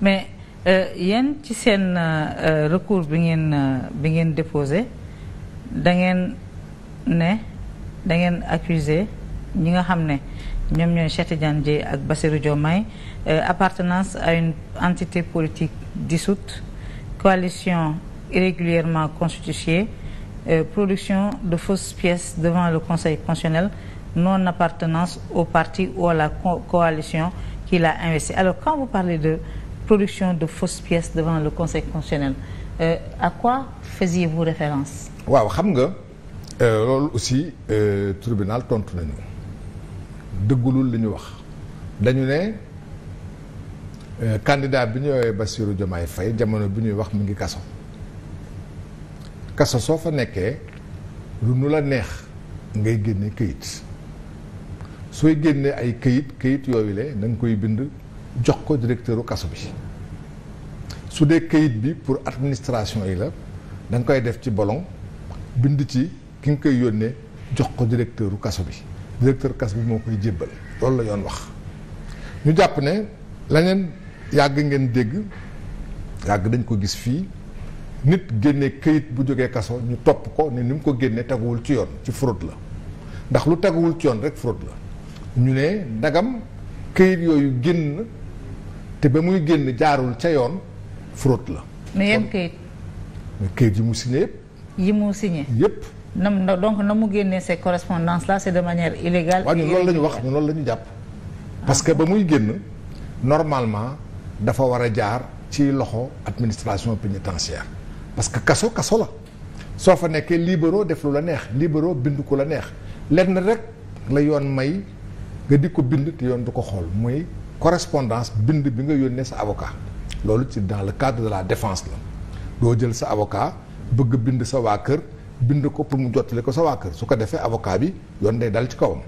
mais euh, yenn ci seen euh, recours bi ngeen euh, bi ngeen déposé da ngeen ne da ngeen accusé ñi nga xam ne ñoom ñooy Cheikh Tidiane ak Bassirou Diomaye appartenance à une entité politique dissoute coalition irrégulièrement constituée euh, production de fausses pièces devant le Conseil constitutionnel non-appartenance au parti ou à la co coalition qui l'a investi alors quand vous parlez de production de fausses pièces devant le conseil constitutionnel euh, à quoi vous référence waaw xam nga euh, loolu aussi euh, tribunal tontu nañu dëggulul li wax dañu ne euh, candidat bi ñuy woowee Bassirou Diomaye fay jamono bi ñuy wax mu ngi kaso kaso soo fa nekkee lu nu la neex ngay génne këyit sooy génne ay këyit këyit yooyule le koy bind jox ko directeur u kaso bi su dee kayit bi pour administration yi la danga koy def ci bolon bind ci ki nga koy yónnee jox ko directeur u kaso bi directeur kaso bi moo koy jébbal loolu la yoon wax ñu jàpp ne leneen yàgg ngeen dégg yàgg dañ ko gis fii nit génne kayit bu jógee kaso ñu topp ko ne ni mu ko génnee teguwul ci yoon ci fraude la ndax lu teguwul ci yoon rek fraude la ñu ne ndagam kayit yooyu génn te ba muy génn jaarul ca yoon fraude la. mais yan kayit. kayit yi mu signé yëpp. yi mu signé yëpp. na donc na mu génnee ces correspondances là c'est de manière illégale. waaw ñun loolu la wax ñun loolu la ñu jàpp. Ah. parce que ba muy génn normalement dafa war a jaar ci loxo administration pénitentiaire parce que kaso kaso la soo fa nekkee libéraux def lu la neex libéraux bind ko la neex lenn rek la yoon may nga di ko bind te yoon du ko xool muy. correspondance bind bi nga yónnee sa avocat loolu ci dans le cadre de la defence la doo jël sa avocat bëgg bind sa waa kër bind ko pour mu jottali ko sa waa kër su ko defee avocat bi yoon day dal ci kawam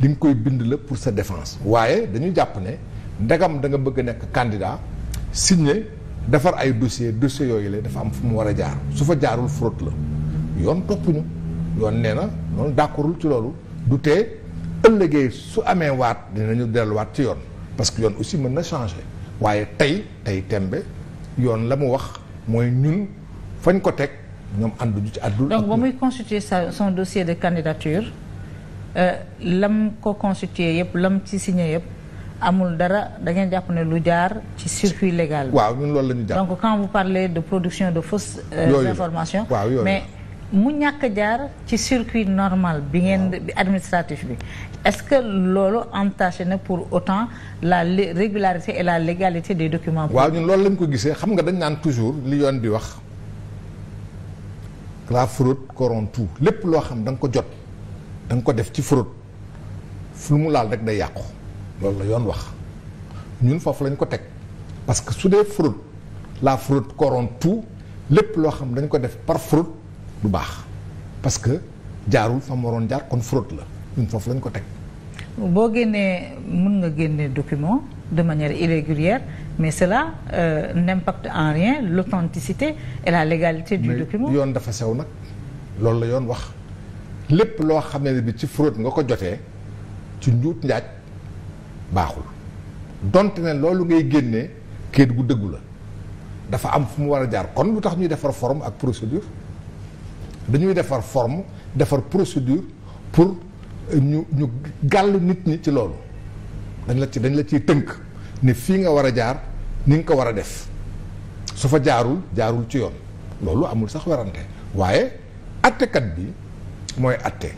li nga koy bind la pour sa defence waaye dañu jàpp ne ndegam da nga bëgg nekk candidat signé defar ay dossier dossiers yooyu la dafa am fu mu war a jaar su fa jaarul fraude la yoon toppuñu yoon nee na noonu d'accordul ci loolu du te ëllëgee su amee waat dinañu delluwaat ci yoon parce que yoon aussi mën na changer waaye tey tey tembe yoon la mu wax mooy ñun fañ ko teg ñoom ànduñu ci àddul. donc ba muy constituer sa son dossier de candidature euh, lam ko constituer yëpp lam ci signé yëpp. amul dara da ngeen jàpp ne lu jaar ci circuit légal. waaw ñun loolu la ñu jàpp donc quand vous parlez de production de fausses euh, informations. waaw, mais mu ñàkk jaar ci circuit normal bi ngeen bi administratif bi est-ce que loolu entaché na pour autant la régularité et la légalité des documents. waaw ñun loolu lañ ko gisee xam nga dañ naan toujours li yoon di wax la fraude corrompt tout lépp loo xam da nga ko jot da ko def ci fraude fu mu laal rek day yàqu yoon wax foofu lañ ko teg parce que su dee la fraude corrompt tout lépp loo xam dañ ko def par fraude. du baax parce que jaarul fa mu waroon jaar kon fraude la ñun foofu lañ ko teg. boo génnee mën nga génne document de manière irrégulière mais cela euh, n'impacte en rien l'authenticité et la légalité du mais document yoon dafa sew nag loolu la yoon wax lépp loo xam ne bi ci fraude nga ko jotee ci njuut njaaj baaxul donte ne loolu ngay génnee kayit gu dëggu la dafa am fu mu war a jaar kon lu tax ñuy defar forme ak procédure dañuy defar forme defar procédure pour ñu ñu gàll nit ñi ci loolu dañ la ci dañ la ciy tënk ne fii nga war a jaar ni nga ko war a def su fa jaarul jaarul ci yoon loolu amul sax werante waaye attekat bi mooy atte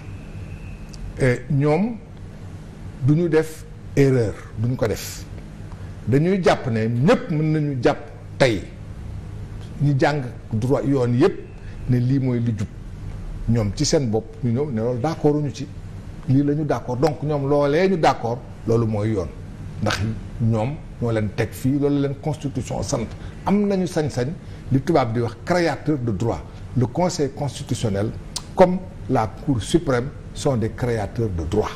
e ñoom du ñu def erreur duñ ko def dañuy jàpp ne ñëpp mën nañu jàpp tey ñu jàng droit yoon yëpp ne lii mooy li jub ñoom ci seen bopp ñu ñëw ne loolu d'accord uñu ci lii la ñu d'accord donc ñoom loolee ñu d'accord loolu mooy yoon ndax ñoom ñoo leen teg fii loolu leen constitution sant am nañu sañ-sañ li tubaab di wax créateur de droit le conseil constitutionnel comme la cour suprême sont des créateurs de droit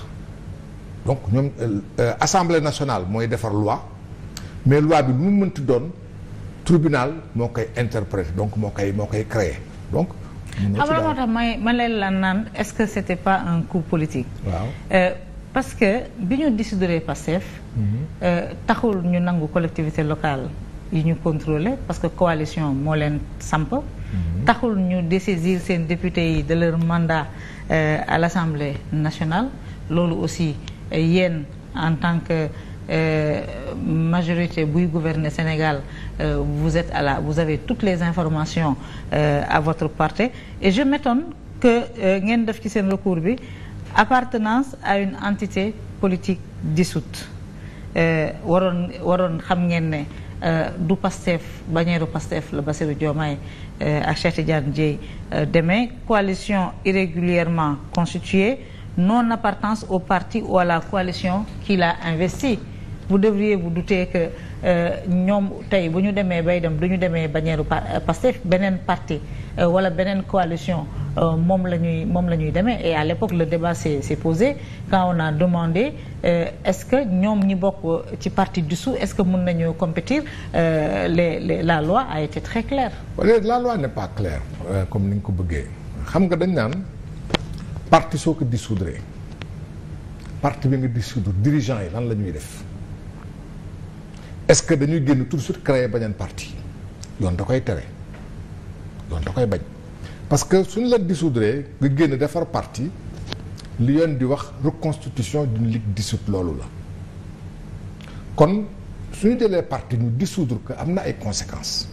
donc ñoom euh, euh, assemblée nationale mooy defar loi mais loi bi lu mu mënti doon tribunal moo koy interpréter donc moo koy moo koy créer donc. xam tax may ma leen la naan est-ce que c'était pas un coup politique. waaw euh, parce que bi ñu dissoudre Pastef. Mhm. Euh, taxul ñu nangu collectivité locale yi ñu contrôler parce que coalition moo leen samp. Mhm. taxul ñu désaisir seen député yi de leur mandat euh, à l'Assemblée nationale loolu aussi euh, yéen en tant que. Euh, majorité buy gouverner Sénégal euh, vous êtes à la vous avez toutes les informations euh, à votre portée et je m'étonne que ngeen def ci seen recours bi appartenance à une entité politique dissoute waroon waroon xam ngeen ne du Pastef bañeeru Pastef la Bassirou Diomaye ak Cheikh Tidiane Dièye demee coalition irrégulièrement constituée non appartenance au parti ou à la coalition qui l'a investi vous devriez vous douter que euh, ñoom tey bu ñu demee bay dem du ñu demee bañeeru Pastef beneen parti euh, wala beneen coalition euh, moom la ñuy moom la ñuy demee et à l'époque la débat s'est s'est posé demander on est-ce que ñoom ñi bokk ci parti du dissous est-ce que mën nañu compétir les les la loi a été très claire. la loi n'est pas claire comme ni ñu ko bëggee xam nga dañ naan parti soo ko dissoudre parti bi nga dissoudre dirigeant yi lan la ñuy def. est-ce que dañuy génn tout de suite créer beneen parti yoon da koy tere yoon da koy bañ parce que suñu la dissoudre nga génn defar parti li yoon di wax reconstitution d'une ligue dissoute loolu la kon suñu jëlee parti ñu dissoudre que am na ay conséquences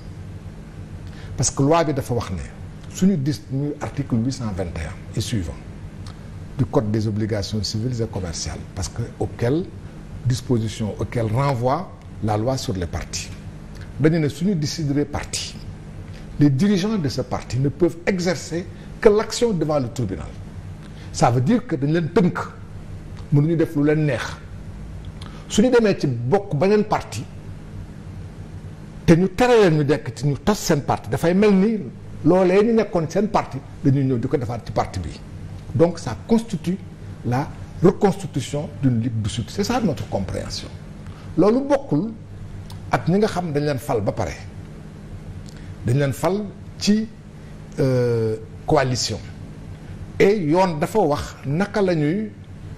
parce que loi bi dafa wax ne suñu dis muy article 821 et suivant du code des obligations civiles et commerciales parce que auquel disposition auquel renvoie la loi sur les partis dañu ne suñu décider parti les dirigeants de ce parti ne peuvent exercer que l'action devant le tribunal ça veut dire que dañ leen tënk mënuñu def lu leen neex suñu demee ci bokk ba beneen parti te ñu tere leen ñu dekk ci ñu tas seen parti dafay mel ni loolee ñu nekkoon seen parti dañuy ñëw di ko defaat ci parti bi donc ça constitue la reconstitution d'une ligue de soutien c'est ça notre compréhension loolu bokkul ak ñi nga xam dañ leen fal ba pare dañ leen fal ci euh, coalition et yoon dafa wax naka la ñuy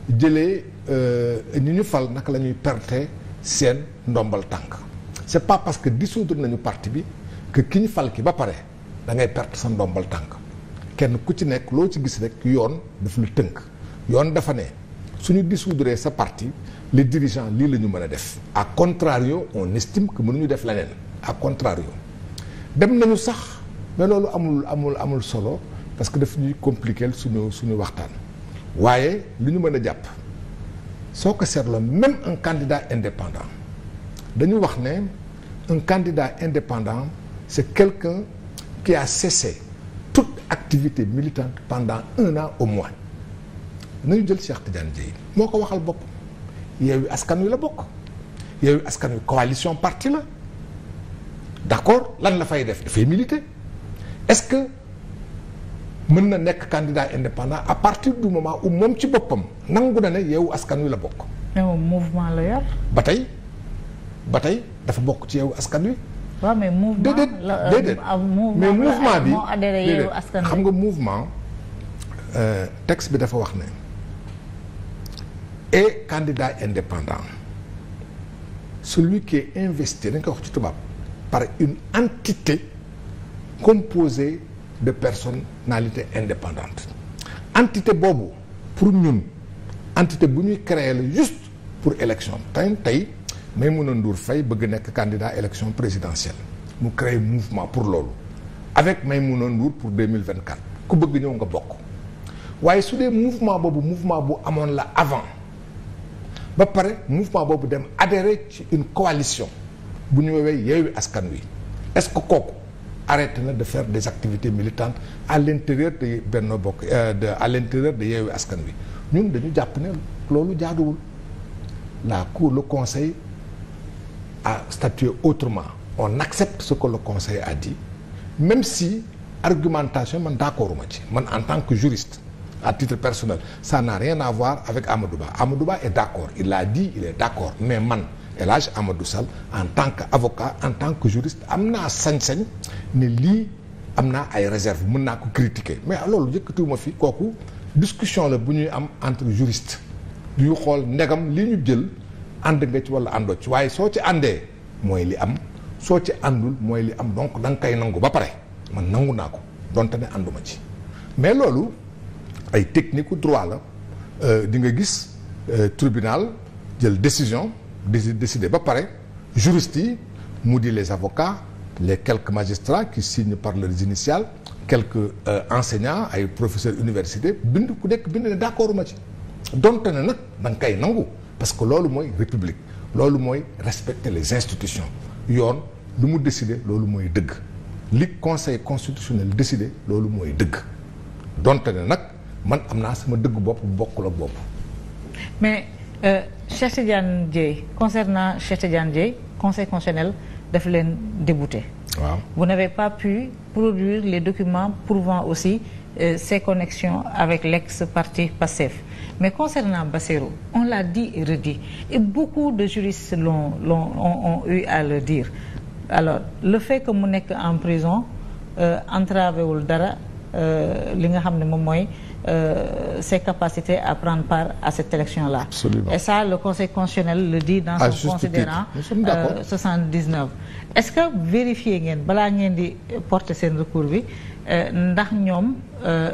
jëlee euh, ñi ñu fal naka la ñuy perte seen ndombal tànk c'est pas parce que dissoudre nañu parti bi que ki ñu fal ki ba pare dangay ngay perte sa ndombal tànk kenn ku ci nekk loo ci gis rek yoon daf la tënk yoon dafa ne suñu dissoudre sa parti les dirigeants lii la ñu mën a def à contrario on estime que ñu def leneen à contrario dem nañu sax mais loolu amul amul amul solo parce que daf ñuy compliquer suñu suñu waxtaan waaye lu ñu mën a jàpp soo ko seetloo même un candidat indépendant dañu wax ne un candidat indépendant c'est quelqu'un qui a cessé toute activité militante pendant un an au moins nañu jël Cheikh Tidiane Dièye moo ko waxal bopp Yewwi Askan Wi la bokk Yewwi Askan Wi coalition parti la d'accord lan la fay def dafay militer est-ce que mën na nekk candidat indépendant à partir du moment où moom ci boppam nangu na ne Yewwi Askan Wi la bokk. mais moom mouvement la yor. ba tey ba dafa bokk ci Yewwi Askan Wi. waaw mais mouvement la déedéet euh, ah, mais mouvement bi xam nga mouvement euh, texte bi dafa wax ne. et candidat indépendant celui qui est investi dañ koy wax ci tubaab par une entité composée de personnalités indépendantes entité boobu pour ñun entité bu ñuy créer la juste pour élection tey tey Maïmouna Ndour Faye bëgg nekk candidat élection présidentielle mu créer mouvement pour loolu avec Maïmouna Ndour pour 2024 ku bëgg ñëw nga bokk waaye su dee mouvement boobu mouvement bu amoon la avant ba pare mouvement boobu dem adhérer ci une coalition bu ñu woowee Yewwi Askan Wi est-ce que kooku arrêté na de faire des activités militantes à l'intérieur de Benno Bokk euh, de à l'intérieur de Yewwi Askan Wi ñun dañu jàpp ne loolu jaaduwul la cour le conseil a statué autrement on accepte ce que le conseil a dit même si argumentation man d'accorduma ci man en tant que juriste à titre personnel ça n'a rien à voir avec Amadou Ba Amadou Ba est d'accord il l'a dit il est d'accord man El Hadj Amadou en tant que qu'avocat en tant que juriste am naa sañ-sañ ne lii am naa ay réserve mën naa ko critiquer mais loolu yëkkatiwuma fi kooku discussion la bu ñuy am entre juriste yu xool ndegam li ñu jël and nga ci walla àndoo ci waaye soo ci àndee mooy li am soo ci àndul mooy li am donc da kay nangu ba pare man nangu naa ko donte ne ànduma ci mais loolu ay technique u droit la euh, di nga gis euh, tribunal jël décision di décider ba pare juristes yi mu di les avocats les quelques magistrats qui signent par leurs initiales quelques euh, enseignants ay professeurs université bind ku nekk bind ne d'accord ma ci donte ne nag da nga koy nangu parce que loolu mooy république loolu mooy respecter les institutions yoon lu mu décider loolu mooy dëgg li conseil constitutionnel décider loolu mooy dëgg donte ne nag man am naa sama dëgg bopp bokkul ak bopp. mais euh, Cheikh Tidiane Dièye concernant Cheikh Tidiane Dièye conseil constitutionnel daf leen débouté. waaw vous n'avez pas pu produire les documents prouvant aussi euh, ses connexions avec l'ex-parti PASTEF mais concernant bassero on l'a dit et redit et beaucoup de juristes l'ont l'ont ont, ont eu à le dire alors le fait que mu nekk en prison euh, entravewul dara euh, li nga xam ne moom mooy euh, ses capacités à prendre part à cette élection-là. Absolument. Et ça, le Conseil constitutionnel le dit dans à son considérant euh, 79. Est-ce que vérifier ngeen balaa ngeen di porter seen recours bi euh, ndax ñoom euh,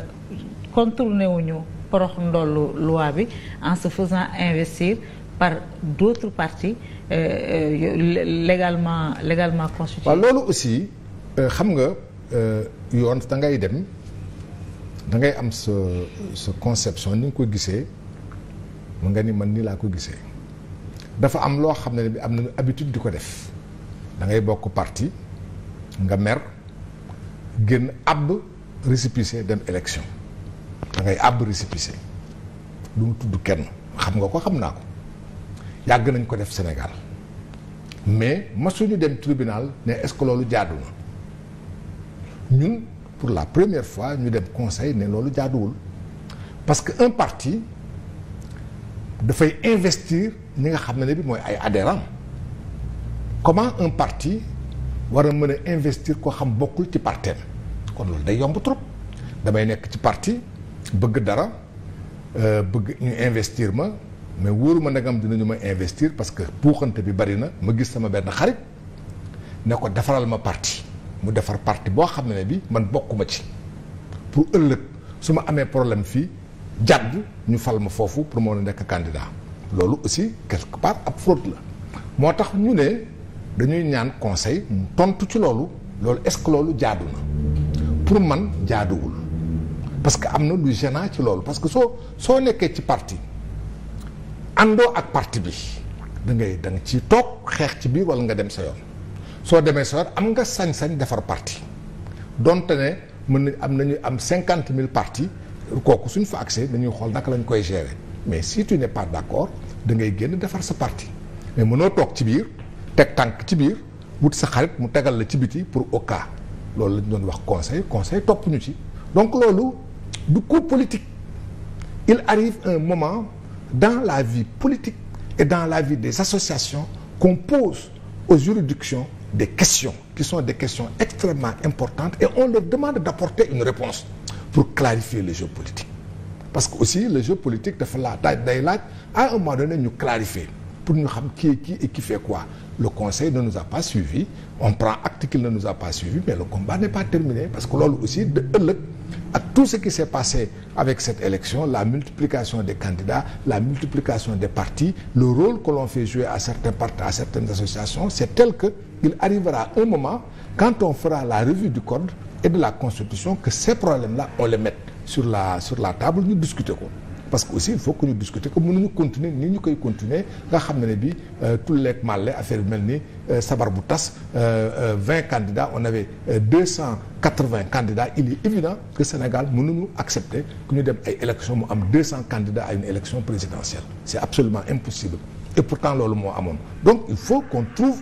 contourné wuñu porox ndollu loi bi en se faisant investir par d'autres partis euh, euh légalement légalement constitués. waaw loolu aussi xam nga yoon da ngay dem. da ngay am sa sa conception ni nga ko gisee mu nga ni man nii laa ko gisee dafa am loo xam ne bi am nañu habitude di ko def dangay ngay bokk parti nga mer génn àbb récépissé dem élection da ngay àbb récépissé du tudd kenn xam nga ko xam naa ko yàgg nañ ko def Sénégal mais masuñu dem tribunal ne est-ce que loolu pour la première fois ñu dem conseil ne loolu jaaduwul parce que un parti dafay investir ñi nga xam ne bi mooy ay adhérents comment un parti war a mën a investir koo xam bokkul ci parteem kon loolu day yomb trop damay nekk ci parti bëgg dara euh, bëgg ñu investir ma mais wóoruma ndegam dinañu ma investir parce que puuxante bi bari na ma gis sama benn xarit ne ko defaral ma parti mu defar parti boo xam ne bi man bokkuma ci pour ëllëg su ma amee problème fii jàdd ñu fal ma foofu pour moo nekk candidat loolu aussi quelque part ab fraude la moo tax ñu ne dañuy ñaan conseil mu tontu ci loolu loolu est-ce loolu jaadu na pour man jaaduwul parce que am na lu gênant ci loolu parce que soo soo nekkee ci parti àndoo ak parti bi da ngay da nga ciy toog xeex ci biir walla nga dem sa yoon. soo demee sawar am nga sañ-sañ defar parti donte ne mën nañ am nañu am cinquante mille parti kooku suñ fa accès dañuy xool naka lañu koy gérer mais si tu n'es pas d'accord da ngay génn defar sa parti mais mënoo toog ci biir teg tànk ci biir wut sa xarit mu tegal la ci biti pour au cas loolu lañ doon wax conseil conseil topp ñu ci donc loolu du coup politique il arrive un moment dans la vie politique et dans la vie des associations qu'on pose aux juridictions des questions ki sont des questions extrêmement importantes et on leur demande d'apporter une réponse pour clarifier le jeu politique parce que aussi le jeu politique dafa laaj day laaj à un moment donné ñu clarifier pour ñu xam qui est qui et qui fait quoi le conseil ne nous a pas suivi on prend acte qu'il ne nous a pas suivi mais le combat n'est pas terminé parce que loolu aussi de ëllëg a tout ce qui s'est passé avec cette élection la multiplication des candidats la multiplication des partis à certains partis à certaines associations c'est tel il arrivera un moment quand on fera la revue du code et de la constitution que ces problèmes-là on les mette sur la sur la table ñu discuter ko parce que aussi il faut que ñu discuter ko mënuñu continuer ni ñu koy continuer nga xam ne ne bi euh, tulleeg màlle affaire mel ni euh, sabar bu tas euh, vingt candidats on avait deux cent quatre-vingts candidats il est évident que Sénégal mënuñu accepter ku ñu dem ay élections mu am deux cents candidats à une élection présidentielle c'est absolument impossible et pourtant loolu moo amoon donc il faut qu'on trouve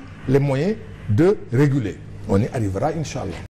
de réguler on y arrivera incha allah